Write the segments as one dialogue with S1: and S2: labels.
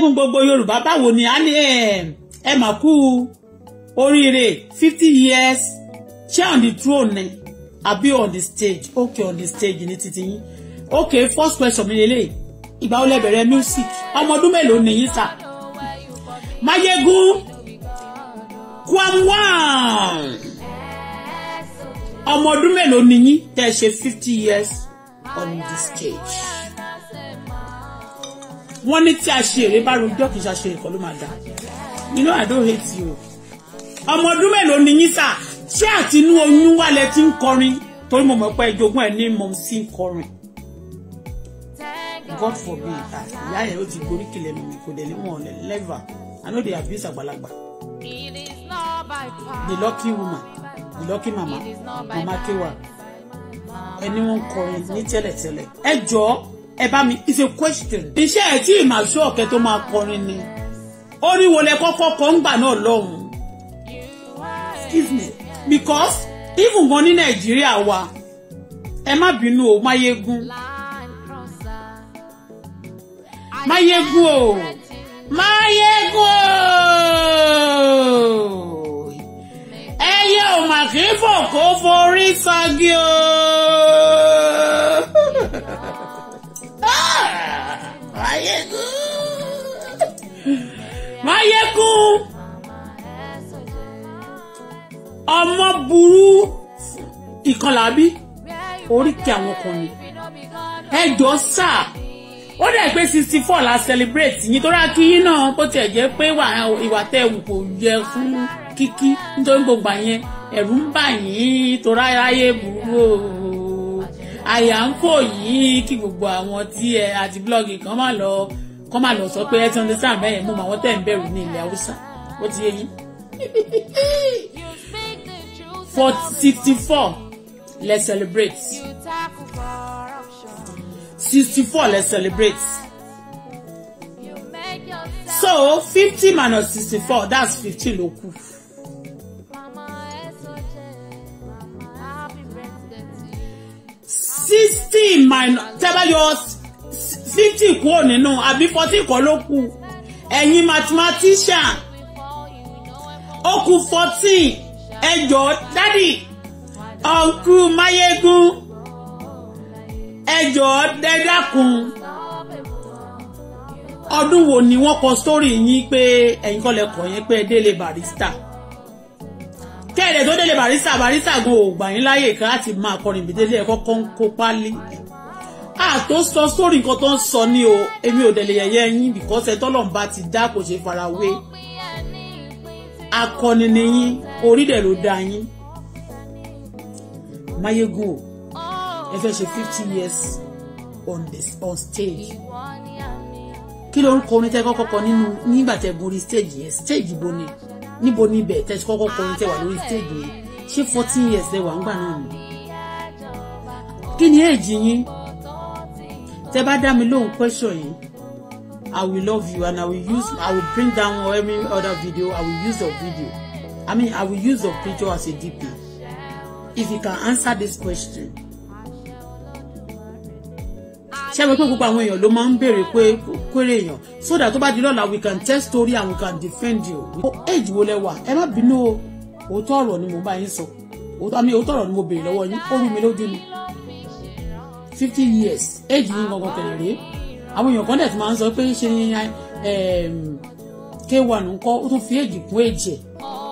S1: ṣẹ́gun gbogbo yorùbá báwo ni a ní eh, ẹ mà kú oríire fifty years ṣé on the throne ni àbí on the stage okay on the stage ní titi yín okay first question mi lélẹ̀ ìgbà ó lẹ music ọmọ ọdún mélòó ni yín sà Mayegun Kwamwan ọmọ ọdún mélòó ni yín tẹ́ ṣe fifty years on the stage wọ́n ní tí a ṣe èrè bá rojọ́ kì í ṣe àṣeyìn ló máa dà you know I don't hate you ọmọ ọdún mélòó ni yín sà ṣé àtinú oyún wà lẹ ti ń kọrin torí mo mọ̀ pé ìjogún ẹ̀ ní mo sì ń kọrin God forbid ah, ìyá ẹ̀ ó ti gorí kìlẹ̀ mi kò dẹ̀ níwọ̀n lẹ́và I know they abuse àgbàlagbà the lucky woman the lucky mama mama kewa ẹni wọn kọrin ní tẹ́lẹ̀tẹ́lẹ̀ ẹ jọ̀ọ́ ẹ bá mi it's a question. iṣẹ́ ẹ̀ tí ìmọ̀ àṣọ ọ̀kẹ́ tó máa kọrin ni ó ní wọlé kọ́kọ́ kọ́ ń gbà náà lọ́hùn-ún excuse me because even gan ní nàìjíríà wa ẹ má bínú o máyégún máyégún o máyégún o ẹyẹ ò mà fò kó forí sagi o. Máyégún. Máyégún. Ọmọ burú ìkọlà bí oríkì àwọn ọkùnrin. Ẹ jọ sáà ó dẹ̀ pé sixty four la celebrate yín tó rà kí yín náà bó tiẹ̀ jẹ́ pé ìwà tẹ̀ wù kò yẹ fún kíkí nítorí gbogbo àyẹn ẹ̀rù ń bà yín tó ráyé burú o àyà ń fò yìí kí gbogbo àwọn tí ẹ àti blọọgì kan máa lọ kan máa lọ sọ pé ẹ ti understand bẹ́ẹ̀ mú àwọn tẹ̀ ń bẹ̀rù ní ilẹ̀ haúsá ó ti yé yín. sixty four Let's celebrate sixty four Let's celebrate so fifty minus sixty four that's fifty ló kù. Sixteen, minus tẹ́bá yọ fifty kúrò nínú àbí fourteen kọ́ ló kù ẹ̀yin mathematician ó kù fourteen ẹ jọ̀ọ́ dádì ọ̀nkú máyégún ẹ jọ̀ọ́ dẹ́dàkùn ọdún wo ni wọ́n kọ sórí yín pé ẹ̀yin kọ́ lẹ́kọ̀ọ́ yẹn pé délé barista tẹ́lẹ̀ tó délé barista barista gan ò gbà yín láyè kan láti máa kọrin ìbídélé ẹ̀kọ́ kan ń kó pálí àtó sọ sórí nǹkan tó ń sọ ní o èmi ò dẹ̀lẹ̀ yẹ̀yẹ́ yín bìkọ́sẹ̀ tọ́lọ́mùbá ti dá kò ṣe farawé akọni ni yín orí dẹ̀ ló dá yín mayegun o ẹ fẹ́ ṣe fifty years on, this, on stage kí ló ń kọ orin tẹ́ kọ́kọ́ kọ nínú nígbà tẹ́ borí stage yẹn stage ibo ni níbo ni ibẹ̀ tẹ́ ti kọ́kọ́ kọrin tẹ́ wà lórí stage yẹn ṣé fourteen years lẹ wà ń gbà náà ni kí ni èjì yín tẹ́ bá dá mi lóhùn question yìí I will love you and I will use I will bring down every other video I will use your video I mean I will use your picture as a DP if you can answer this question ṣé mo pé gbogbo àwọn èèyàn ló máa ń béèrè pé kéré èèyàn so that tó bá di lọ́la we can tell story and we can defend you. o age wo lẹ wà ẹ má bínú o òótọ́ ọ̀rọ̀ ni mo bá yín sọ àmì òótọ́ ọ̀rọ̀ ni mo béèrè lọ́wọ́ yín ó rí mi lójú ni fifty years age yín gangan tẹ̀lé rèé àwọn èèyàn kan dẹ̀ ti máa ń sọ pé ṣe ni ehm, k1 ńkọ́ ó tún fi èjì kún èjì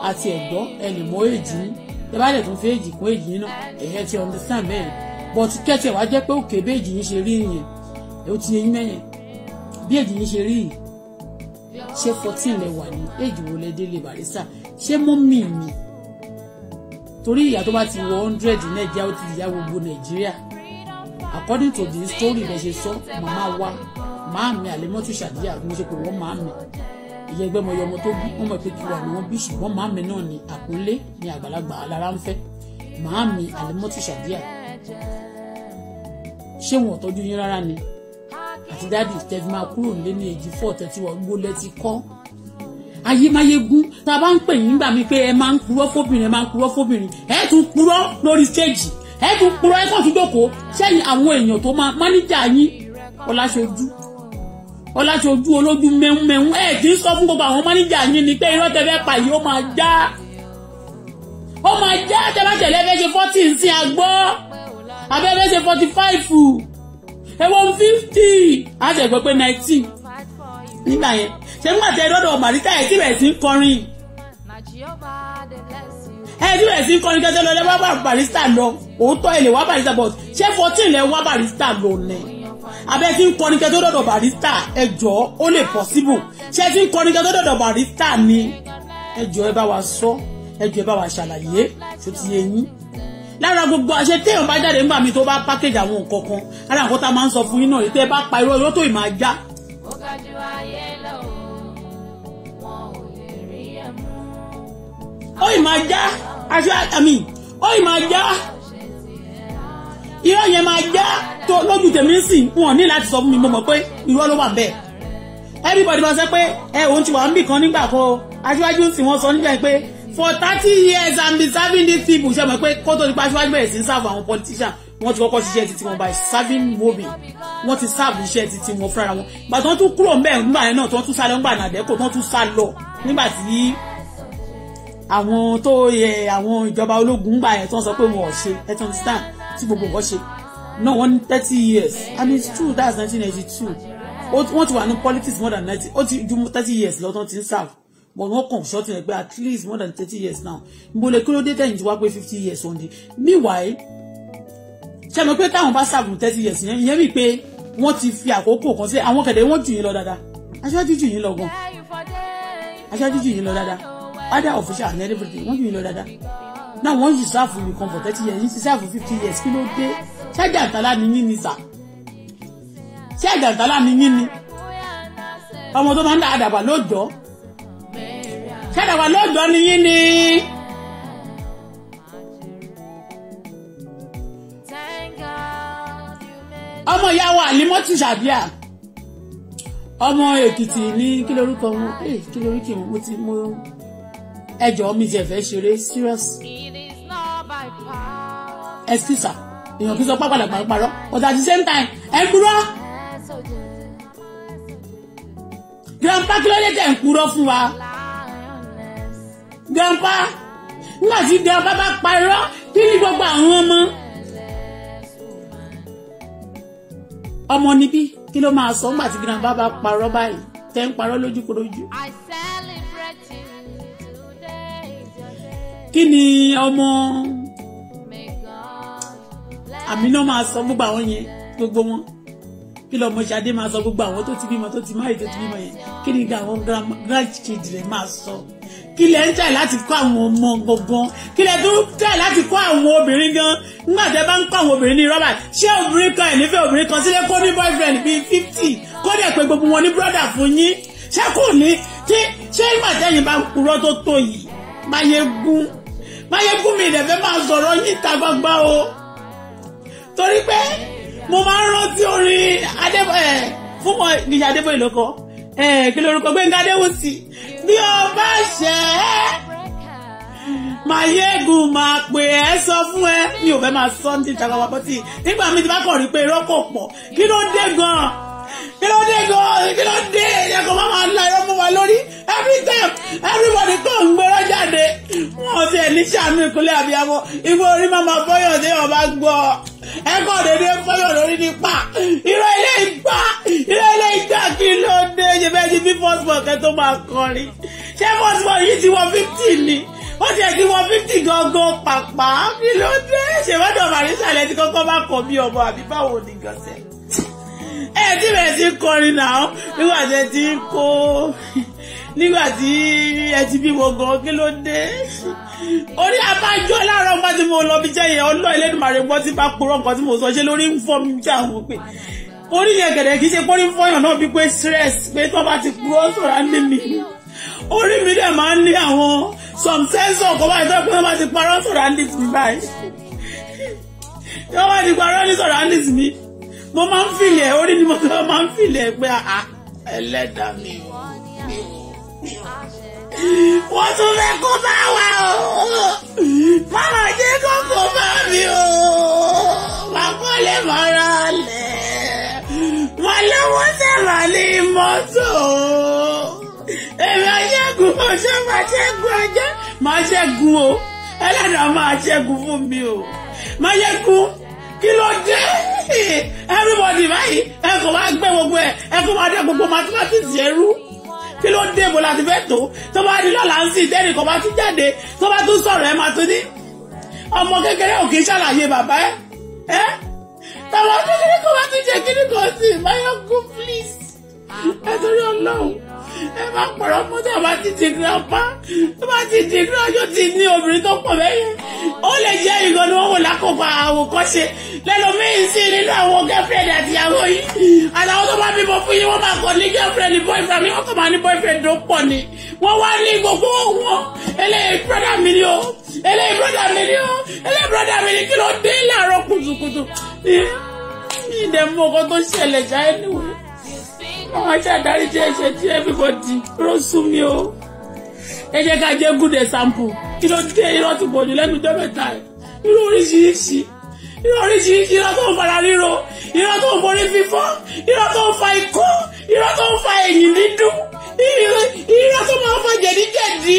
S1: àti ẹ̀gbọ́ ẹnìmọ́ èjì ní ẹ bá dẹ̀ tún fi èjì kún èjì náà ẹ̀yẹ ti understand bẹ́ẹ̀ but kẹ́tẹ̀ wá jẹ́ pé òkè bí èjì yín ṣe rí yẹn ó ti eyín mẹ́yẹn bí èjì yín ṣe rí yìí ṣé fourteen lẹ wà ní èjì wo lẹ délé barista ṣé mú mi mi torí ìyá tó bá ti wọ hundred nàìjíríà ó ti ìyá gbogbo nàìjíríà according to the story bẹ ṣe sọ màmá wa màá mi àlẹmọ́tò ṣàdíyà mo ṣe pé wọ́n màá mi ìyẹgbẹ́ mọ yọmọ tó bí wọ́n mọ̀ pé kí wà ní wọ́n bí ṣùgbọ́n màá mi náà ni àpọ́nlé ni àgbàlagbà alára ń fẹ́ màá mi àlẹmọ́tò ṣàdíyà ṣé wọn ò tọ́jú yín rárá ni àti dáàdì tẹ́fí máa kúrò nílé ní èjì fọ́ tẹ́tí wọ́n gbó lẹ́tí kọ́ ayémáyégún tá a bá ń pè yín gbà mí pé ẹ máa ń purọ́ fóbìnrin ẹ máa ń purọ́ fóbìnrin ẹ tún purọ́ lórí stéèjì ẹ tún purọ́ ẹ kàn tún jókòó sẹ́yìn àwọn èèyàn tó máa máníjà yín ọláṣojú ọláṣojú olójú mẹ́húnmẹ́hún ẹ kì í sọ fún gbogbo àwọn máníjà yín ni pé irọ́ tẹ́fẹ́ pa yìí ó máa já ó máa já tẹ́fẹ́ tẹ́lẹ́ fẹ́ ṣe fọ́tì ń sin àgbọ́ abẹ́rẹ́ ṣe forty five ẹ̀wọ̀n fifty àtẹ̀gbọ́ pé nineteen nígbà yẹn ṣé nígbà tẹ lọ́dọ̀ màríkà ẹ̀ tí bẹ̀rẹ̀ sí ń kọrin ẹ̀ tí bẹ̀rẹ̀ sí ń kọrin kẹsẹ̀ lọ́dẹ wá barista lọ òótọ́ ẹ̀ lè wá barista but ṣé fourteen lẹ wá barista lọ nẹ̀ abẹ́ tí ń kọrin kẹsẹ̀ lọ́dọ̀ barista ẹ jọ ó lè possible ṣé tí ń kọrin kẹsẹ̀ lọ́dọ̀ barista ni ẹ jọ ẹ bá wa sọ ẹ jọ ẹ bá wa ṣàlàyé ṣó ti yẹ yín lára gbogbo àṣẹ téèyàn bá jáde nígbà mi tó bá package àwọn nǹkan kan ara nǹkan tá a máa ń sọ fún yín náà ètò ẹ bá pa irọ́ irọ́ tó ì máa já. ó ga ju ayé lọ wọn ò lè rí ẹ mú. ó ì máa já aṣọ àmì ó ì máa já irọ́ yẹn máa já tó lójú tèmi ń wọn ní láti sọ fún mi mo mọ̀ pé irọ́ ló wà bẹ́ẹ̀ everybody máa sọ pé ẹ òun ti wà ń bì kan nígbà kan aṣíwájú ń sìn wọn sọ nígbà yẹn pé for thirty years I'm been serving these people ṣe mọ̀ pé kó tó nípa aṣíwájú bẹ̀rẹ̀ sí ń sáàbù àwọn politician wọ́n ti kọ́kọ́ ṣiṣẹ́ títí wọn by serving women wọ́n ti sáàbù iṣẹ́ títí wọn fúnra wọn gbà tó tún kúrò mẹ́rin nígbà yẹn náà tó tún sá lọ nígbà nàdẹ́kò tó tún sá lọ nígbà tí àwọn tó yẹ àwọn ìjọba ológun gbà yẹn tó ń sọ pé wọn ò ṣe ẹ tó ń stand tí gbogbo nǹkan ṣe náà wọ́n ní thirty years and it's true that's nineteen ninety two wọ́n ti wà ní politics more than ninety ó ti ju thirty years lọ́tọ́ ti ń sáàbù but wọ́n kàn ṣọ́ọ̀tì rẹ̀ at least more than thirty years now ìgbòlè kí ló dé tẹ̀yìn tí fifty years only. meanwhile ṣe mọ̀ pé táwọn bá ṣàgùn thirty years yẹn ìyẹn mi pé wọ́n ti fi àkókò kan sí àwọn kẹ̀dẹ̀ wọ́n jù yín lọ dáadáa aṣáájú jù yín lọ gan aṣáájú jù yín lọ dáadáa other official and everything wọ́n jù yín lọ dáadáa now wọ́n yìí ṣáàfù yìí kan for thirty years yìí ti ṣáàfù fifty years kí ló dé ṣé àjàntálá ni yín ni sà ṣé àjàntálá ni yín ni ọmọ tó máa ń dá àdàbà kẹ́dà wà lọ́jọ́ ni yín ni. ọmọ ìyá wa àlímọ́tì ṣàbíà ọmọ èkìtì ní kí lorúkọ wọn kí lorúkọ wọn mo ti mú ẹjọ mi jẹ fẹ ṣeré serious ẹsísà èèyàn kì sọ pápálà pàápàá but at the same time ẹ grandpa kí ló dé tẹ̀ ń fún wa dẹ̀ǹpa nígbà tí dẹ̀ǹpa bá pa irọ́ kí ni gbogbo àwọn ọmọ. ọmọ níbí kí ló máa sọ nígbà tí dẹ̀ǹpa bá parọ́ báyìí tẹ́ ń parọ́ lójúkorojú. kí ni ọmọ àmì náà máa sọ gbogbo àwọn yẹn gbogbo wọn kí lọmọ ṣadé máa sọ gbogbo àwọn tó ti bímọ tó ti máa ètò ti bímọ yẹn kí ni àwọn grandchildren máa sọ. So kí lẹ ń tẹ̀ láti kọ́ àwọn ọmọ gangan kí lẹ tún tẹ̀ láti kọ́ àwọn obìnrin gan nígbà tẹ bá ń kọ́ àwọn obìnrin ní rọ́bà ṣé obìnrin kan ìnífẹ̀ẹ́ obìnrin kan sílé kó ní boyfriend bíi fifty kó dẹ̀ pé gbogbo wọn ní brother fún yín ṣé kò ní tí ṣé ìgbà tẹ̀yìn bá purọ́ tó tó yìí Máyégún Máyégún mi ìdẹ̀fẹ́ máa sọ̀rọ̀ yín ta gbangba o torí pé mo máa ń rántí orin adébọ̀ ẹ̀ fún wọn níyà adébọ̀ ìlọ́kọ̀ ẹ̀ kí lórúkọ Gbẹ́ngà bí o bá ṣẹ́ màyégun máa pè ẹ́ sọ fún ẹ mi ò fẹ́ máa sọ ní ìjàgbọ́n wa bọ́tì nígbà mi ti bá kàn rí pé irọ́ kò pọ̀ kí ló dé gan-an kí ló dé gan-an kí ló dé ẹ̀yẹ kan máa la irọ́ mú wa lórí every time everybody kò ń gbérọ́ jáde wọn ò tiẹ̀ ní sàánú ìkúnlẹ̀ àbíyáwó ìwé orí máa máa bọ́yọ̀ sí ọba gbọ́ ẹ kọ́ dédé lórí nípa irọ́ bí first born kẹ́ tó máa kọrin ṣé first born yìí ti wọ fifty ni ó ti ẹ̀ ti wọ fifty gangan pàpà kí ló dé ṣèwádìí ọmọ àríṣà lẹ ti kọ́kọ́ bá kọ bí ọmọ àbí báwo ni gànṣẹ́ ẹ ti bẹ̀rẹ̀ sí kọrin náà nígbà tí ẹ ti ń kó nígbà tí ẹ ti bímọ gan kí ló dé orí abájọ láàárọ̀ nígbà tí mo lọ bí jẹ́ yẹn ọlọ́ ìlẹ́dùnmarè gbọ́ tí bá purọ́ nǹkan tí mo sọ ṣe lórí ń fọ́ mi jà wọ́n pé orí yẹn gẹ̀dẹ̀ kì í ṣe pórí fọyàn náà bí pé stress pé tó bá ti kúrò sọ̀rọ̀ ní mi orí mi dẹ̀ máa ń ní àwọn some sensor kọ́ báyìí tó pé tó bá ti parọ́ sọ̀rọ̀ ní mi báyìí tó bá ti parọ́ ní sọ̀rọ̀ ní mi mo máa ń filẹ̀ orí ni mo máa ń filẹ̀ pé ah, ah, ẹlẹ́dàá mi wọ́n tún fẹ́ kó bá wa o mama jẹ́ kó kó bá mi o màá kọ́ lè mọ́ra lẹ̀
S2: wọn lọ́wọ́ sẹ̀wà ní
S1: mọ́tò èrè ọ̀ṣẹ́gun ọ̀ṣẹ́ máa ṣẹ́gun ọjọ́ máa ṣẹ́gun o ẹlẹ́dàá máa ṣẹ́gun fún mi o máa ṣẹ́gun kí ló dé everybody báyìí ẹ kò wá gbẹ gbogbo ẹ ẹ kò wá dé gbogbo mathematics yẹn rú kí ló dé bó láti fẹ́ tó tó bá di lọ́la ń sìn tẹ́nì kan bá ti jáde tó bá tún sọ̀rọ̀ ẹ máa tún ní ọmọ kékeré ò kì í ṣàlàyé bàbá ẹ ẹ́
S2: ẹ̀rọ ọdún kiri kò bá ti jẹ́
S1: kí ni kò sí mayogun please ẹ torí ọlọ́run ẹ má pọ̀rọ̀ mọ́ tí a bá ti jẹ grandpa tó bá ti jẹ grandpa yóò ti ní obìnrin tó pọ̀ bẹ́yẹn ó lè jẹ́ ìgò ni wọ́n wò lákòókò àwòkọ́ṣe lẹ́lòmíín sí nínú àwọn girlfriend àtìyàwó yìí àtàwọn tó bá bímọ fún yín wọ́n máa kọ́ ní girlfriend ní boyfriend ní wọ́n kàn máa ní boyfriend tó pọ̀ ni wọ́n wá ní gbogbo wọn eléyìí brọ́dà mi ni o eléyìí brọ́dà mi ni o eléyìí brọ́dà mi ni kí ló dé láàárọ̀ kùtùkùtù ìdẹ̀ mú ọkọ tó ṣẹlẹ̀ ṣá anyway àwọn aṣáàdárí jẹ́ ẹ̀ṣẹ̀ tí everybody ló sún mi o ẹ jẹ́ ká jẹ́ good example kí ló dé irọ́ ti pọ̀jù lẹ́nu jọ́ mẹ́ta ẹ̀ irú oríṣiríṣi irú oríṣiríṣi irọ́ tó ń fara ríro irọ́ tó ń forí fífọ́ irọ́ tó ń fa ikọ́ irọ́ tó ń fa ẹ̀yìn dídùn irọ́ tó máa ń fa jẹ̀díjẹ̀dí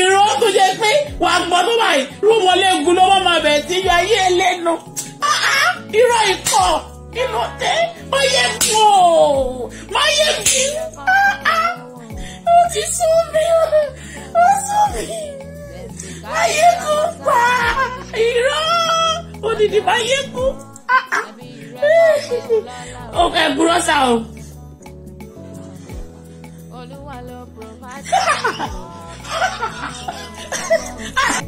S1: irọ́ tó jẹ́ pé wà á gbọ́ tó báyìí rúmọ̀lẹ́gùn ló wọ́n máa bẹ̀ sí ayé ẹlẹ́nu irọ́ ikọ́ kí ló dé máyégún o máyégún ó ti sún mi ó sún mi máyégún pa irọ́ odidi máyégún ó kẹ́ gbúrọ́sà o. Ha ha ha!